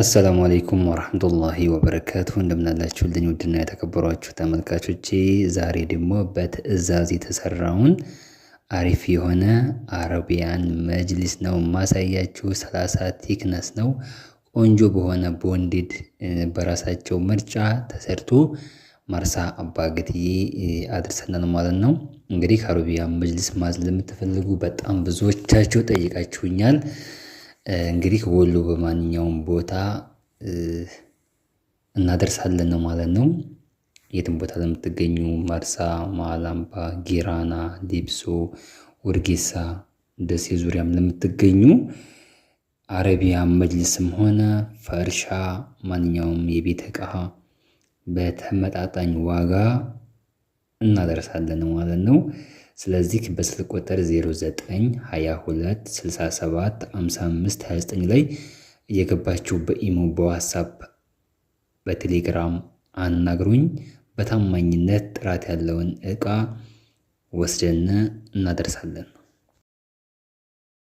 አሰላሙ አለይኩም ወረህመቱላሂ ወበረካቱሁ እንደምናላችሁልኝ ውድና የተከበሯችሁ ተመልካቾቼ ዛሬ ደግሞ በትዕዛዝ የተሰራውን አሪፍ የሆነ አረቢያን መጅሊስ ነው ማሳያችሁ። ሰላሳ ቴክነስ ነው ቆንጆ በሆነ ቦንድድ በራሳቸው ምርጫ ተሰርቶ መርሳ አባገትዬ አድርሰናል ማለት ነው። እንግዲህ አረቢያን መጅሊስ ማዝ ለምትፈልጉ በጣም ብዙዎቻቸው ጠይቃችሁኛል። እንግዲህ ወሎ በማንኛውም ቦታ እናደርሳለን ነው ማለት ነው። የትም ቦታ ለምትገኙ መርሳ፣ ማላምባ፣ ጊራና፣ ሊብሶ፣ ወርጌሳ፣ ደሴ ዙሪያም ለምትገኙ አረቢያ መጅልስም ሆነ ፈርሻ ማንኛውም የቤት እቃ በተመጣጣኝ ዋጋ እናደርሳለን ማለት ነው። ስለዚህ በስልክ ቁጥር 09 22 67 55 29 ላይ እየገባችሁ በኢሞ በዋትሳፕ በቴሌግራም አናግሩኝ። በታማኝነት ጥራት ያለውን እቃ ወስደን እናደርሳለን።